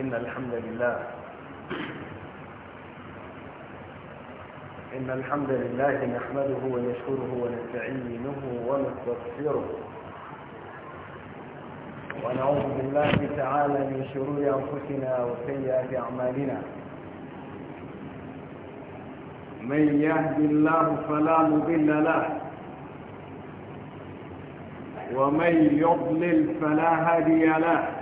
إن الحمد لله إن الحمد لله نحمده ونشكره ونستعينه ونستغفره ونعوذ بالله تعالى من شرور أنفسنا وسيئات أعمالنا من يهد الله فلا مضل له ومن يضلل فلا هادي له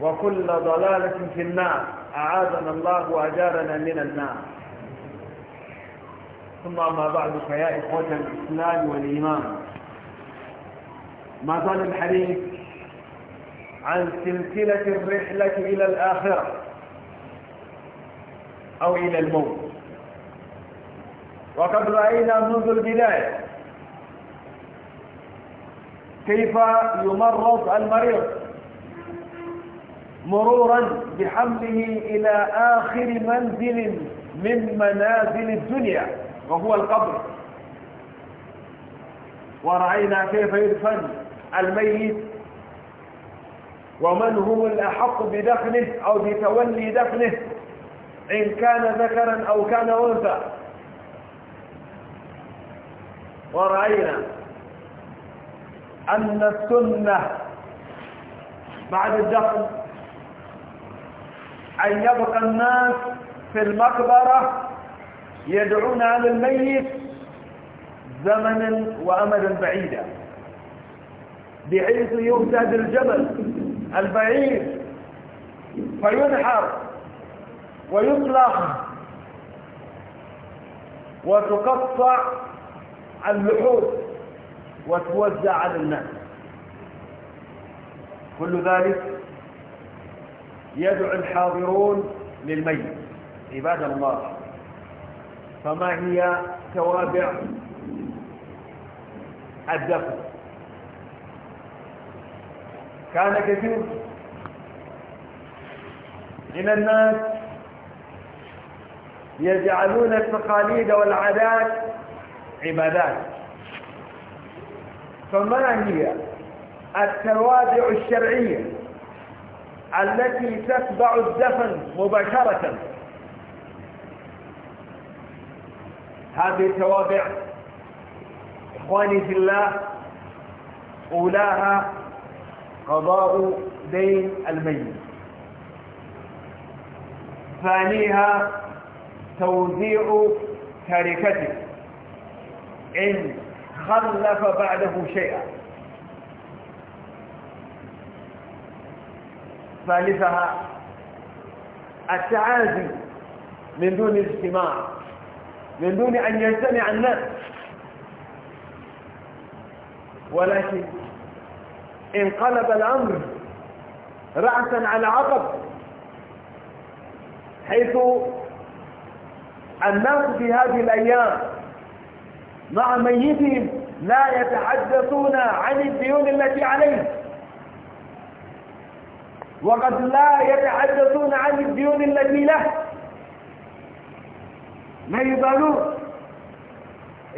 وكل ضلالة في النار أعاذنا الله وأجارنا من النار ثم ما بعد فيا إخوة الإسلام والإيمان ما زال الحديث عن سلسلة الرحلة إلى الآخرة أو إلى الموت وقد رأينا منذ البداية كيف يمرض المريض مرورا بحمله إلى آخر منزل من منازل الدنيا وهو القبر ورأينا كيف يدفن الميت ومن هم الأحق بدفنه أو بتولي دفنه إن كان ذكرا أو كان أنثى ورأينا أن السنة بعد الدفن أن يبقى الناس في المقبرة يدعون على الميت زمنا وأمدا بعيدا بحيث يهتد الجبل البعيد فينحر ويطلق وتقطع اللحوم وتوزع على الناس كل ذلك يدعو الحاضرون للميت عباد الله فما هي توابع الدفن كان كثير من الناس يجعلون التقاليد والعادات عبادات فما هي التوابع الشرعيه التي تتبع الدفن مباشرة هذه التوابع إخواني في الله أولاها قضاء دين الميت ثانيها توزيع تركته إن خلف بعده شيئا ثالثها التعازي من دون اجتماع من دون أن يجتمع الناس ولكن انقلب الأمر رأسا على عقب حيث الناس في هذه الأيام مع ميتهم لا يتحدثون عن الديون التي عليه وقد لا يتحدثون عن الديون التي له ما يبالون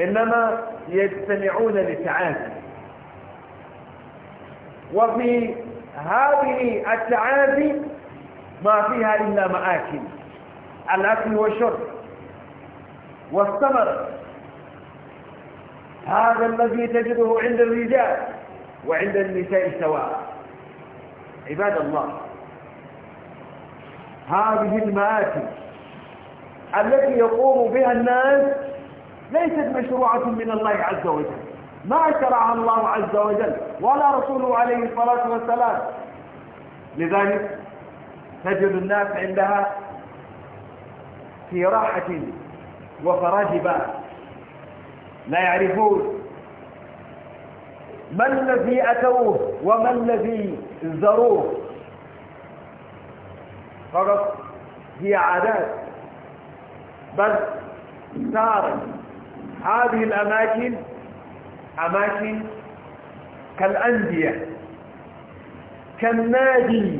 إنما يجتمعون للتعافي وفي هذه التعازي ما فيها إلا مآكل الأكل والشرب والثمر هذا الذي تجده عند الرجال وعند النساء سواء عباد الله هذه المآتي التي يقوم بها الناس ليست مشروعة من الله عز وجل ما شرعها الله عز وجل ولا رسوله عليه الصلاة والسلام لذلك تجد الناس عندها في راحة وفراج بال لا يعرفون ما الذي أتوه وما الذي الضرورة فقط هي عادات بل صارت هذه الأماكن أماكن كالأندية كالنادي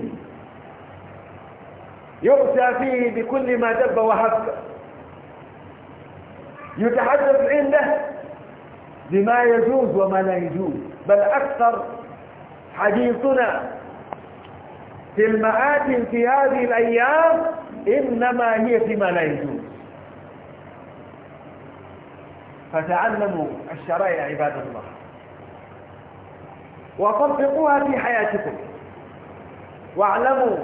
يؤتى فيه بكل ما دب وهب يتحدث عنده بما يجوز وما لا يجوز بل أكثر حديثنا في المآتم في هذه الأيام إنما هي فيما لا يجوز فتعلموا الشرائع عباد الله وطبقوها في حياتكم واعلموا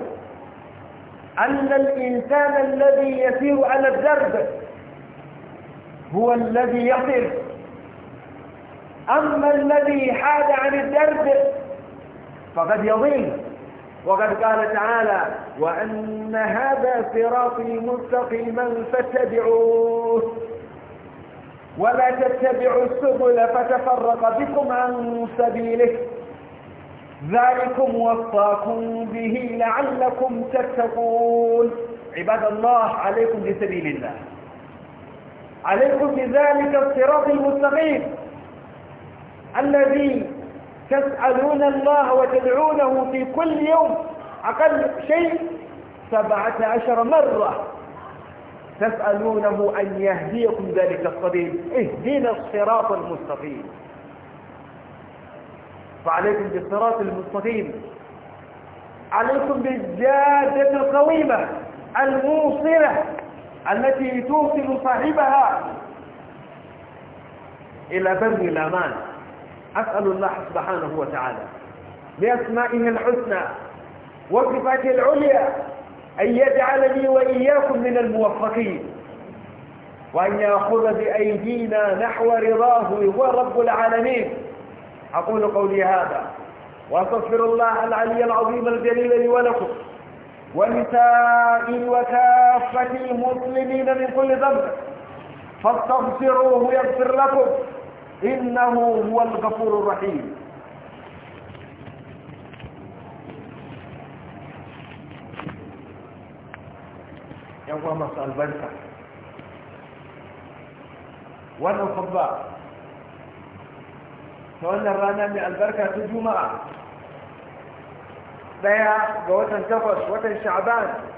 أن الإنسان الذي يسير على الدرب هو الذي يقف أما الذي حاد عن الدرب فقد يضل وقد قال تعالى وأن هذا صراطي مستقيما فاتبعوه ولا تتبعوا السبل فتفرق بكم عن سبيله ذلكم وصاكم به لعلكم تتقون عباد الله عليكم بسبيل الله عليكم بذلك الصراط المستقيم الذي تسألون الله وتدعونه في كل يوم أقل شيء سبعة عشر مرة تسألونه أن يهديكم ذلك الصديق اهدنا الصراط المستقيم فعليكم بالصراط المستقيم عليكم بالجادة القويمة الموصلة التي توصل صاحبها إلى بر الأمان أسأل الله سبحانه وتعالى بأسمائه الحسنى وصفاته العليا أن يجعلني وإياكم من الموفقين وأن يأخذ بأيدينا نحو رضاه هو رب العالمين أقول قولي هذا وأستغفر الله العلي العظيم الجليل لي ولكم ولسائر وكافة المسلمين من كل ذنب فاستغفروه يغفر لكم إنه هو الغفور الرحيم يا يوم مسأل البركة وانا الخباء فوانا رانا من البركة تجمع بيا قوة تفش وتن شعبان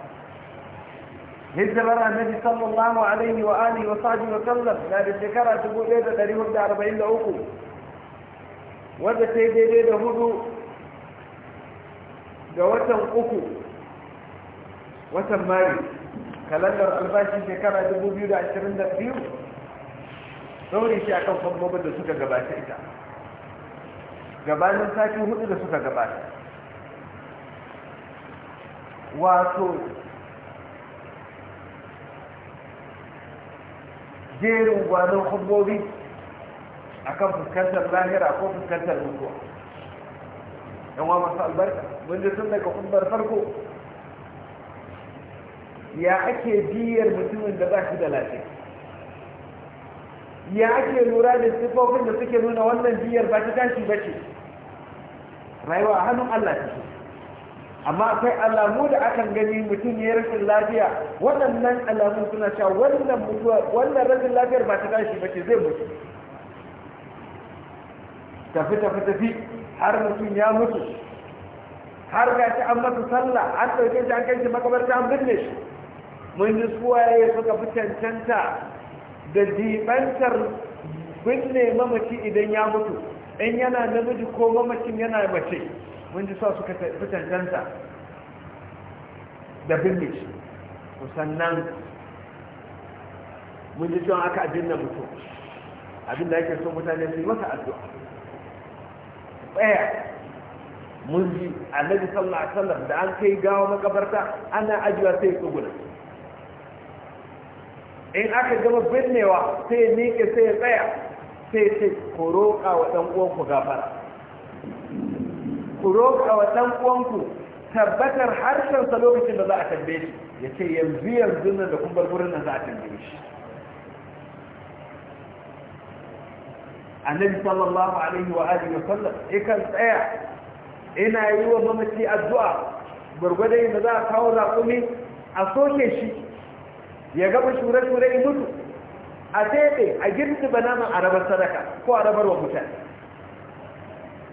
hijirar annabi sallallahu alaihi wa alihi wa sahbihi wa sallam na da shekara 1443 wanda ta yi daidai da hudu ga watan uku watan mari kalandar albashi shekara 2022 saurin shi akan fambobin da suka gabata ita gabanin sati hudu da suka gabata wato jerin gwanon hukumobi kan fuskantar lahira ko fuskantar mutuwa yan wa masu albarka mun ji tun daga hukumar farko ya ake biyar mutumin da ba shi da lafiya ya ake lura da sifofin da suke nuna wannan biyar ba ta tashi ba ce rayuwa a hannun allah ta amma akwai alamu da akan gani mutum ya rashin lafiya waɗannan alamu suna cewa wannan mutuwa wannan rashin lafiyar ba ta tashi ba ce zai mutu tafi tafi tafi har mutum ya mutu har ga shi an masa sallah an ɗauke shi an kai shi makabarta an binne shi mun ji suwaye suka fi cancanta da jibantar binne mamaci idan ya mutu in yana namiji ko mamacin yana mace mun ji sa suka fi tantanta da binne musannan sannan mun ji cewa aka abinna abin da yake so mutane su yi masa addu'a tsaya mun ji annabi sallallahu alaihi wasallam da an kai gawa makabarta ana ajiya sai ya tsuguna in aka gama binnewa sai ya miƙe sai ya tsaya sai ya ce ko roƙa wa ɗan uwanku gafara ku roƙa wa ɗan uwanku tabbatar harshensa lokacin da za a tambaye shi ya ce yanzu yanzu nan da kuma gurin nan za a tambaye shi annabi sallallahu alaihi wa alihi wa sallam ikan tsaya ina yi wa mamaci addu'a gurgurda da za a kawo raƙumi a soke shi ya gaba shure-shure in mutu a tebe a girki banaman a rabar sadaka ko a rabar wa mutane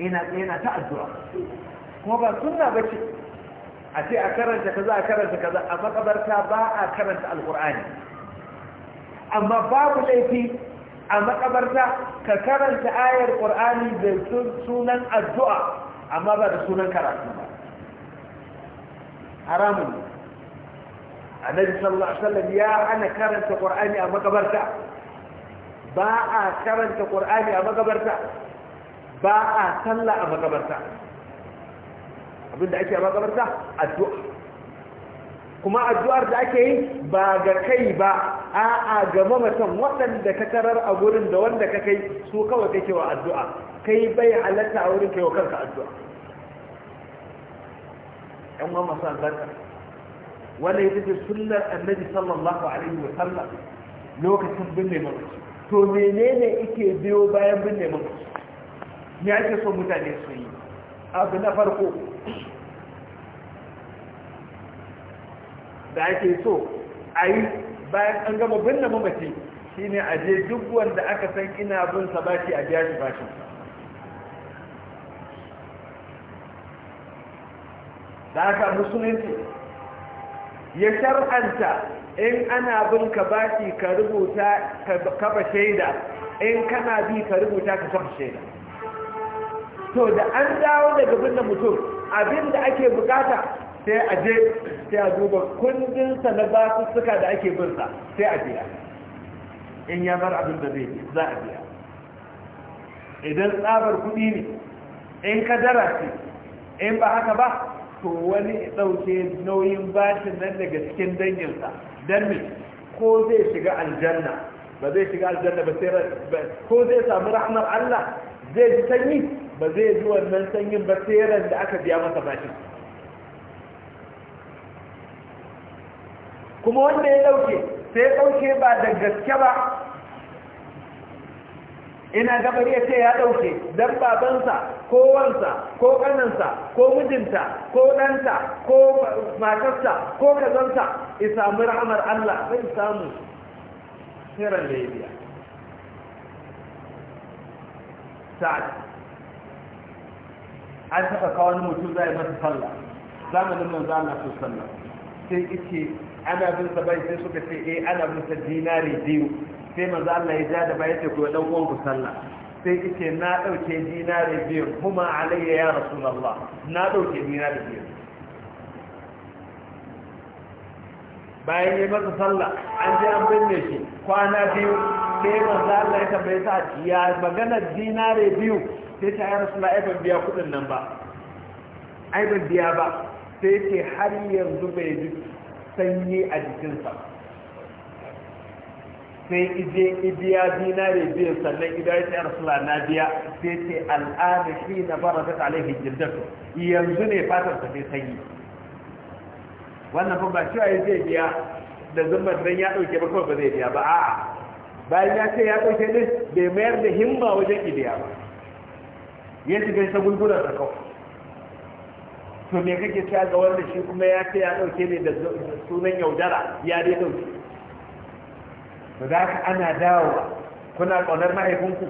yana yana ta addu'a kuma ba sunna ce a ce a karanta kaza a karanta kaza a makabarta ba a karanta alqur'ani amma babu laifi a makabarta ka karanta ayar ƙur'ani da sunan addu'a amma ba da sunan karatu ba haramun ne nan sallallahu alaihi ya ana karanta ƙur'ani a makabarta ba a karanta ƙur'ani a makabarta ba a salla a makabarta abinda ake a makabarta addu'a kuma addu'ar da ake yi ba ga kai ba a'a ga mamatan waɗanda ka tarar a gurin da wanda ka kai su kawai kake wa addu'a kai bai halatta a wurin kai wa kanka addu'a Yan wa masu albarka wanda ya ce sunnar annabi sallallahu alaihi wa sallam lokacin binne mamaci to menene yake biyo bayan binne mamaci me ake so mutane su yi abu na farko da ake so a yi bayan an gama binne mamaci ne a je duk wanda aka san ina bin sa a biya shi da aka musulunci ya shar'anta in ana bin ka bashi ka rubuta ka ba shaida in kana bi ka rubuta ka shaida to da an dawo daga binne mutum abin da ake bukata sai a je sai a duba kundinsa na basussuka da ake binsa sai a biya in ya bar abin da zai za a biya idan tsabar kuɗi ne in kadara ce in ba haka ba to wani ɗauke nauyin bashin nan daga cikin danginsa don me ko zai shiga aljanna ba zai shiga aljanna ba sai ko zai samu rahmar Allah zai ji sanyi ba zai ji wannan sanyin ba ran da aka biya masa bashi kuma wanda ya dauke sai dauke ba da gaske ba ina gabar ya ce ya dauke dan babansa ko wansa ko kanansa ko mijinta ko ɗanta ko matarsa ko kazansa isamu rahamar Allah Zai samu tseren da ya biya an taɓa kawo wani mutum za a masa sallah zamanin nan za a so sallah sai ice ana bin sa bai sai suka ce eh ana bin sa dinari biyu sai manzo Allah ya ja da bai ce ko dan uwan ku sallah sai ice na dauke dinari biyu kuma alayya ya rasulullah na dauke dinari biyu bayan yi masa sallah an je an binne shi kwana biyu sai manzo Allah ya tambaye sa ya magana dinari biyu sai ta yana suna ai biya kuɗin nan ba ai biya ba sai ce har yanzu bai ji sanyi a jikinsa sai ije ibiya dinare biyan sannan idan ya tsayar sula na biya sai ce al'ada shi na bara ta alaihi jildatu yanzu ne fatar ta sai sanyi wannan ba cewa ya zai biya da zumbar dan ya dauke ba kawai ba zai biya ba a'a bayan ya ce ya dauke ne bai mayar da himma wajen ibiya ba ya shiga ta gulgular ta kawo to me kake ta ga wanda shi kuma ya ce ya dauke ne da sunan yaudara ya dai dauke to da haka ana dawo kuna kaunar mahaifinku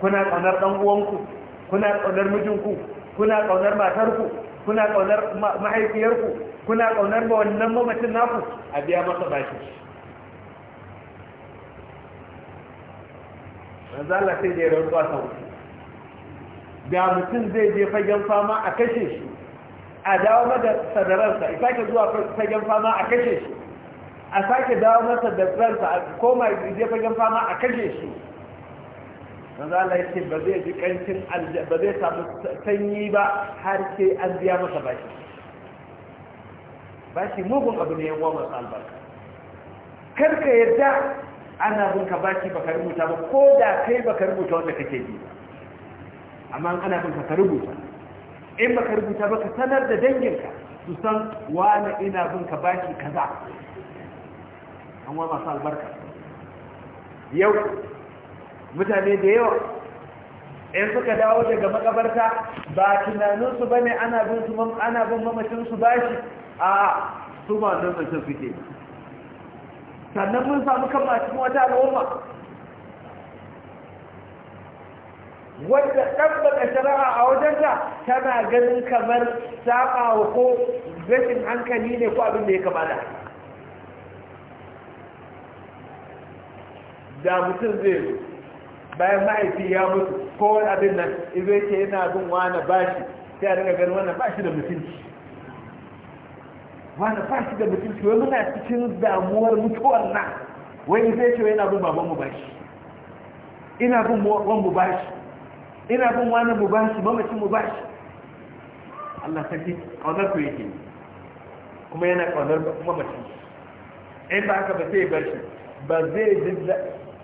kuna kaunar dan uwanku kuna kaunar mijinku kuna kaunar matarku kuna kaunar mahaifiyarku kuna kaunar ba wannan mamacin naku a biya masa baki Allah sai da ya rantsuwa sau da mutum zai je fagen fama a kashe shi a dawo mada sadararsa isa ke zuwa fagen fama a kashe shi a sake dawo masa da ransa a koma je fagen fama a kashe shi manzo Allah ya ce ba zai ji kancin ba zai samu sanyi ba har sai an biya masa bashi bashi mugun abu ne yawa masu albarka kar ka yadda ana bin ka bashi baka rubuta ba ko da kai baka rubuta wanda kake bi ba amma ana bin ka rubuta in baka rubuta ba ka sanar da danginka su san wani ina bin ka baki kaza an wa masu albarka yau mutane da yawa in suka dawo daga makabarta ba tunaninsu ba ne ana bin mamacinsu bashi a su ba nan su suke sannan mun samu kan masu wata al'umma wanda ɗabbaka shari'a a wajenta tana ganin kamar saba wa ko rashin hankali ne ko abin da ya kamata da mutum zai zo bayan mahaifi ya mutu ko wani abin nan izo yake yana bin wani bashi sai a daga ganin wannan bashi da mutunci wani bashi da mutunci wani muna cikin damuwar mutuwar nan wani zai ce yana bin babanmu bashi ina bin wanmu bashi ina bin wani mu bashi mamacin mu bashi Allah ce kaunar ku yake kuma yana kaunar mamacin in ba haka ba sai bar shi ba zai ji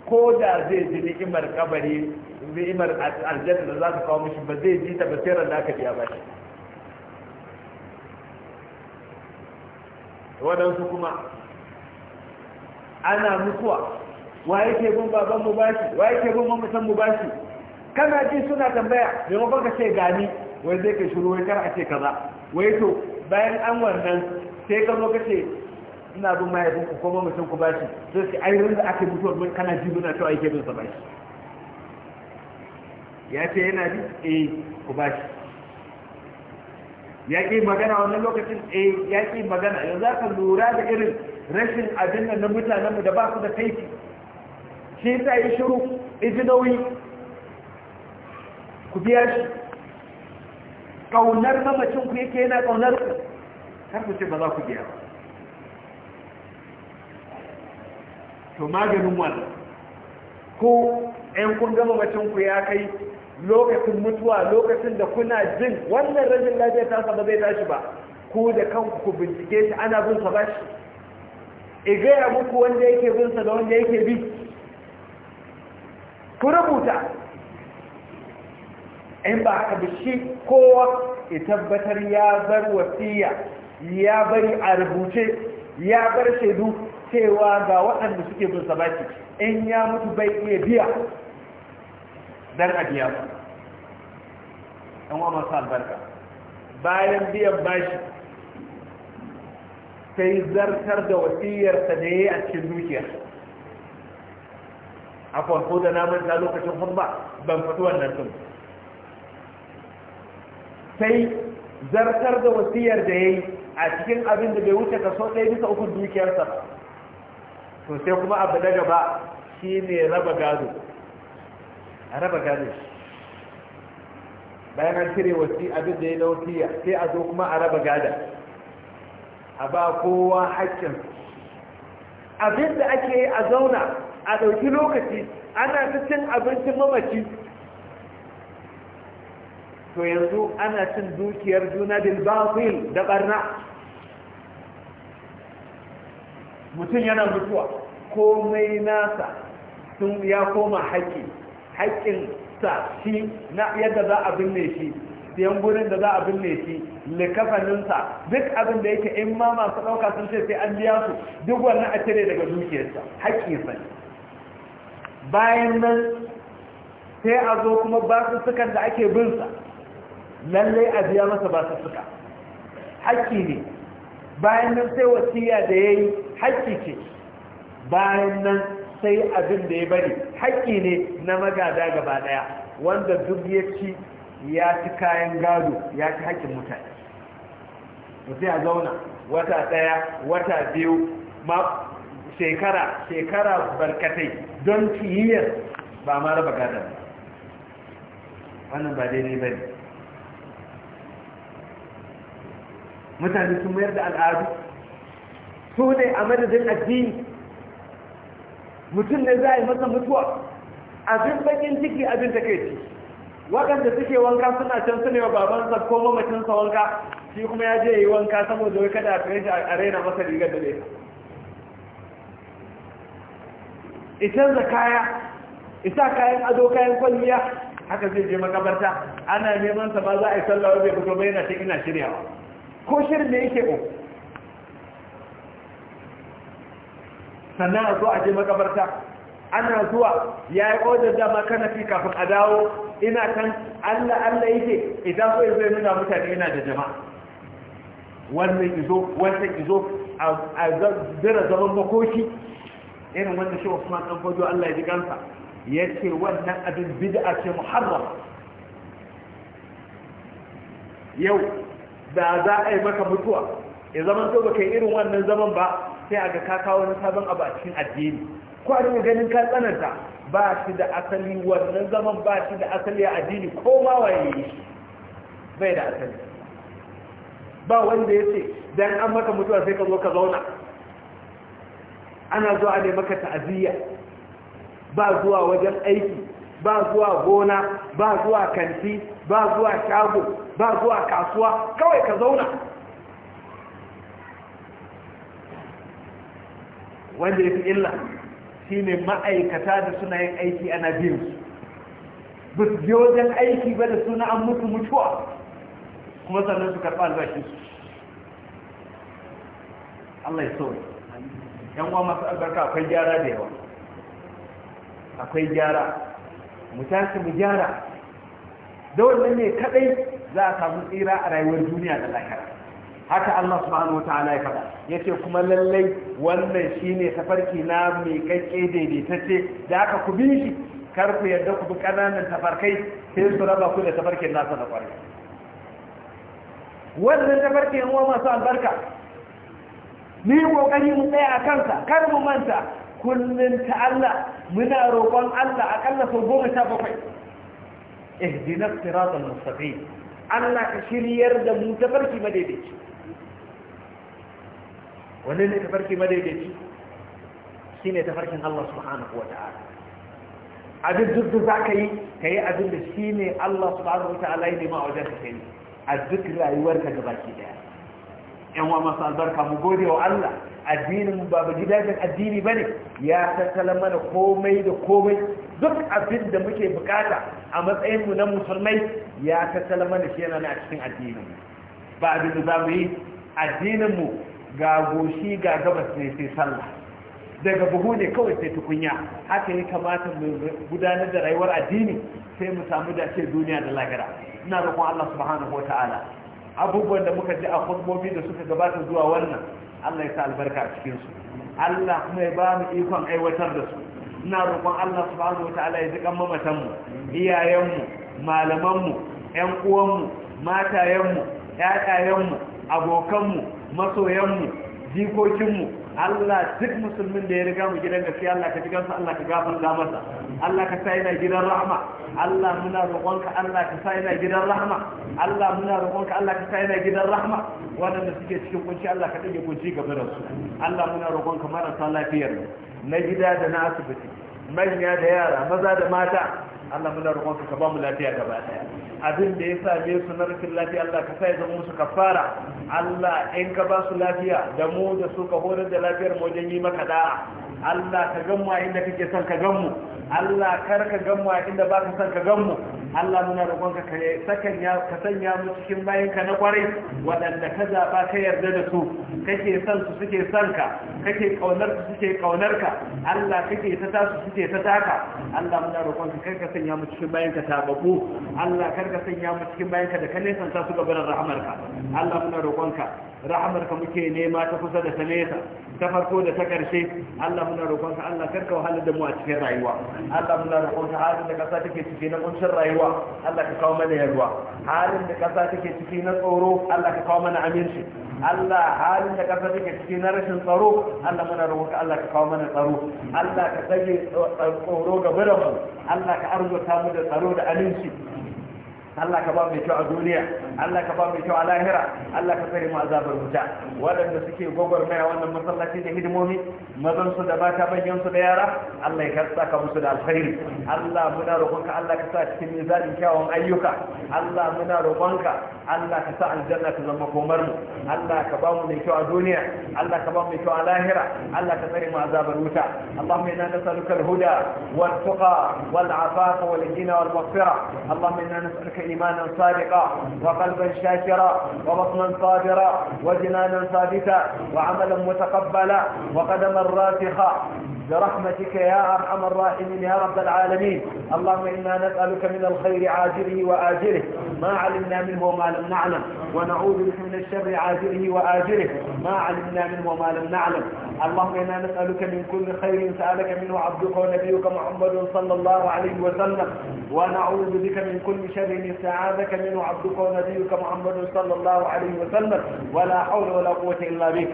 ko da zai ji ni'imar kabari ni'imar aljanna da za ka kawo mishi ba zai ji ta ba sai ran da aka biya bashi waɗansu kuma ana mutuwa wa yake bin baban mu bashi wa yake bin mamacin mu bashi kana ji suna tambaya mafi ka ce gani wai zai ka shuru wai kar a ce kaza wai to bayan an wannan sai ka zo ka ce ina bin mahaifin ku kuma mutum ku bashi sai su ai rinda ake mutuwar mai kana ji muna cewa ake bin sa bashi ya ce yana bi eh ku bashi ya ƙi magana wannan lokacin eh ya ƙi magana yanzu za ka lura da irin rashin abin nan na mutanenmu da ba su da kaifi shi sa yi shiru izinowi nauyi ku biya shi ƙaunar mamacin ku yake yana ƙaunar ku har ku ce ba za ku biya ba to maganin wannan ko ɗan kun gama mamacin ya kai lokacin mutuwa lokacin da kuna jin wannan rajin lafiya ta saba zai tashi ba ku da kanku ku bincike shi ana bin sa shi e gaya muku wanda yake bin sa da wanda yake bi ku rubuta in ba haka ba shi kowa ya tabbatar ya bar wasiya ya bari a rubuce ya bar shaidu cewa ga waɗanda suke bin sabaki in ya mutu bai iya biya don a biya su ɗan wa masu albarka bayan biyan bashi sai zartar da wasiyarsa da ya yi a cikin dukiya a kwanfo da namun ta lokacin hulba ban fito wannan sun sai zartar da wasiyar da ya yi a cikin abin da bai wuce kaso ɗaya bisa ukun dukiyarsa ba to sai kuma abu na gaba shi ne raba gado a raba gado bayan an cire wasi abin da ya na wasiya sai a zo kuma a raba gada a ba kowa haƙƙin abin da ake yi a zauna a ɗauki lokaci ana cikin abincin mamaci to yanzu ana cin dukiyar juna bil batil da barna mutum yana mutuwa komai nasa sun ya koma haƙƙi haƙƙin sa shi na yadda za a binne shi siyan gurin da za a binne shi likafaninsa duk abin da yake in ma masu ɗauka sun ce sai an biya su duk wannan a cire daga dukiyarsa haƙƙinsa bayan nan sai a zo kuma basussukan da ake binsa lallai a biya masa ba su suka haƙƙi ne bayan nan sai wasiya da ya yi haƙƙi ce bayan nan sai abin da ya bari haƙƙi ne na magada gaba ɗaya wanda duk ya ci ya ci kayan gado ya ci haƙƙin mutane sai a zauna wata ɗaya wata biyu ma shekara shekara barkatai don ciyiyar ba ma raba ba. wannan ba daidai ba ne mutane sun mayar da al'adu su ne a madadin addini mutum ne za a yi masa mutuwa abin bakin ciki abin da kai waɗanda suke wanka suna can su ne wa babansa ko mamacinsa wanka shi kuma ya je yi wanka saboda wai kada a kai shi a raina masa rigar da ne itan canza kaya isa kayan ado kayan kwalliya haka zai je makabarta ana neman sa ba za a yi sallah fito yana cikin ina shiryawa ko shirin da yake ko sannan a zo a je makabarta ana zuwa ya yi odar dama fi kafin a dawo ina kan allah allah yake idan so zai nuna mutane yana da jama'a wannan izo wannan izo a zira zaman makoki irin wanda shi wasu matan Fodo Allah ya ji gansa ce wannan abin bid'a ce muharram yau da za a yi maka mutuwa ya zaman to baka irin wannan zaman ba sai a ga ka kawo wani sabon abu a cikin addini ko a dinga ganin ka tsananta ba shi da asali wannan zaman ba shi da asali a addini ko ma waye bai da asali ba wanda ya ce dan an maka mutuwa sai ka zo ka zauna ana zuwa ne maka ta'aziyya ba zuwa wajen aiki ba zuwa gona ba zuwa kanti ba zuwa shago ba zuwa kasuwa kawai ka zauna wanda ya fi illa shi ne ma'aikata da suna yin aiki ana biyu ba su biyo wajen aiki ba da suna an mutu mutuwa kuma sannan su karɓa albashinsu Allah ya so yan uwa masu albarka akwai gyara da yawa akwai gyara mu tashi mu gyara da wannan ne kadai za a samu tsira a rayuwar duniya da lahira haka Allah subhanahu wataala ya faɗa yace kuma lallai wannan shine tafarki na mai kakke daidaitacce da aka ku bi shi kar ku yarda ku bi kananan tafarkai sai su raba ku da tafarkin nasa da kwari wannan tafarkin yan masu albarka ni kokari mu tsaya a kansa kar mu manta kullum ta Allah muna roƙon Allah akalla sau goma sha bakwai ihdinas siratal mustaqim Allah ka shiryar da mu ta farki madaidaici wannan ne ta farki madaidaici shine ta farkin Allah subhanahu wata'ala abin duk da zaka yi ka yi abin da shine Allah subhanahu wata'ala ya nema a wajen ka kai a duk rayuwarka gabaki daya yan wa masu albarka mu gode wa Allah addinin ba ba gidajen addini bane ya tattala mana komai da komai duk abin da muke bukata a matsayin mu na musulmai ya tattala mana shi yana a cikin addini ba abin da zamu yi addinin mu ga goshi ga gabas ne sai sallah daga buhu ne kawai sai tukunya haka ya kamata mu gudanar da rayuwar addini sai mu samu dace duniya da lahira ina roƙon Allah subhanahu wataala abubuwan da muka ji a khutbobi da suka gabata zuwa wannan Allah ya sa albarka a cikinsu Allah kuma ya ba mu ikon aiwatar da su ina roƙon Allah subhanahu ta'ala ya ji kan mamatanmu, iyayenmu, malamanmu, mu malaman mu ƴan uwanmu, matayenmu, matayen abokanmu, masoyanmu jikokinmu. Allah duk musulmin da ya riga mu gidan gaskiya Allah ka jigansa Allah ka gafarta masa Allah ka sa yana gidan rahma Allah muna roƙonka Allah ka sa yana gidan rahma Allah muna roƙonka Allah ka sa yana gidan rahma waɗanda suke cikin kunci Allah ka dinga kunci gaba da su Allah muna roƙonka marasa lafiyar na gida da na asibiti manya da yara maza da mata Allah muna roƙonka ka ba mu lafiya gaba ɗaya abin da ya same su na rikin lafiya Allah ka sa ya zama musu kafara Allah in ka ba su lafiya da mu da su ka horar da lafiyar mu wajen yi maka da'a Allah ka gan mu inda kake son ka gan mu Allah kar ka gan mu inda ba ka son ka gan mu Allah muna roƙonka ka sakanya ka sanya mu cikin ka na kwarai waɗanda ka zaba ka yarda da su kake son su suke son ka kake kaunar su suke kaunar ka Allah kake ta ta su suke ta taka Allah muna roƙonka kar ka sanya mu cikin ka ta babu Allah kar ka sanya mu cikin ka da ka nesanta su gaban rahmarka Allah muna roƙonka rahamar ka muke nema ta kusa da ta nesa ta farko da ta karshe Allah muna roƙon ka Allah karka wahalar da mu a cikin rayuwa Allah muna roƙon ka halin da kasa take ciki na kuncin rayuwa Allah ka kawo mana yarwa halin da kasa take ciki na tsoro Allah ka kawo mana aminci Allah halin da kasa take ciki na rashin tsaro Allah muna roƙon ka Allah ka kawo mana tsaro Allah ka tsage tsoro ga biranmu Allah ka arzuta mu da tsaro da aminci Allah ka ba mu kyau a duniya Allah ka ba mu kyau a lahira Allah ka tsare mu azabar wuta waɗanda suke gwagwarmaya wannan masallaci da hidimomi mazan su da mata manyan su da yara Allah ya saka musu da alkhairi Allah muna roƙonka Allah ka sa cikin mizanin kyawun ayyuka Allah muna roƙonka Allah ka sa aljanna ta zama komar mu Allah ka ba mu mai kyau a duniya Allah ka ba mu mai kyau a lahira Allah ka tsare mu azabar wuta Allahumma inna nas'aluka al-huda wat-tuqa wal-afafa wal-ghina wal-maghfira Allahumma inna nas'aluka إيمانا صادقا وقلبا شاكرا وبطنا صابرا وجنانا ثابتا وعملا متقبلا وقدما راسخا برحمتك يا أرحم الراحمين يا رب العالمين اللهم إنا نسألك من الخير عاجله وآجله ما علمنا منه وما لم نعلم ونعوذ بك من الشر عاجله وآجله ما علمنا منه وما لم نعلم اللهم إنا نسألك من كل خير سألك منه عبدك ونبيك محمد صلى الله عليه وسلم ونعوذ بك من كل شر استعاذك منه عبدك ونبيك محمد صلى الله عليه وسلم ولا حول ولا قوة إلا بك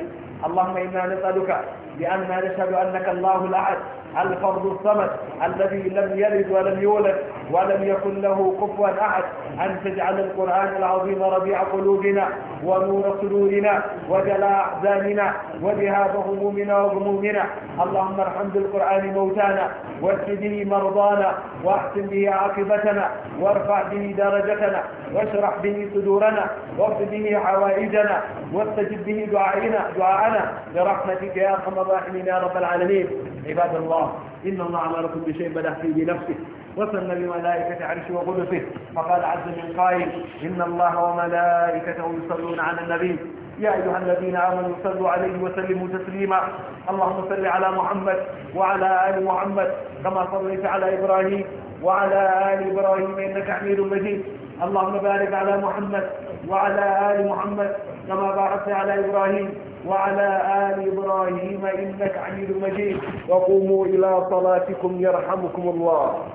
اللهم إنا نسألك بأننا نشهد أنك الله الأحد الفرد الصمد الذي لم يلد ولم يولد ولم يكن له كفوا أحد أن تجعل القرآن العظيم ربيع قلوبنا ونور صدورنا وجلاء أحزاننا وذهاب همومنا وغمومنا اللهم ارحم بالقرآن موتانا واشف به مرضانا واحسن به عاقبتنا وارفع به درجتنا واشرح به صدورنا واغفر به حوائجنا واستجب به دعائنا دعاءنا برحمتك يا ارحم الراحمين يا رب العالمين عباد الله الله إن الله على كل شيء بدأ فيه نفسه وسلم بملائكة عرشه وقدسه فقال عز من قائل إن الله وملائكته يصلون على النبي يا أيها الذين آمنوا صلوا عليه وسلموا تسليما اللهم صل على محمد وعلى آل محمد كما صليت على إبراهيم وعلى آل إبراهيم إنك حميد مجيد اللهم بارك على محمد وعلى آل محمد كما باركت على إبراهيم وعلى آل إبراهيم إنك عميد مجيد وقوموا إلى صلاتكم يرحمكم الله